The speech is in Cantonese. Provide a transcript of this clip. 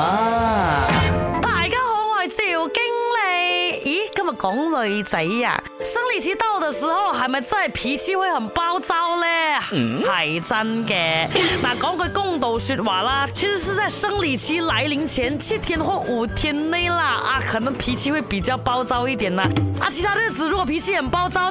啊！大家好，我係趙經理。咦，今日講女仔呀，啊，生理期到嘅時候係咪真係脾氣會很暴躁呢？嗯，係真嘅。嗱，講句公道說話啦，其實是在生理期來臨前七天或五天內啦，啊，可能脾氣會比較暴躁一點啦。啊，其他日子如果脾氣很暴躁。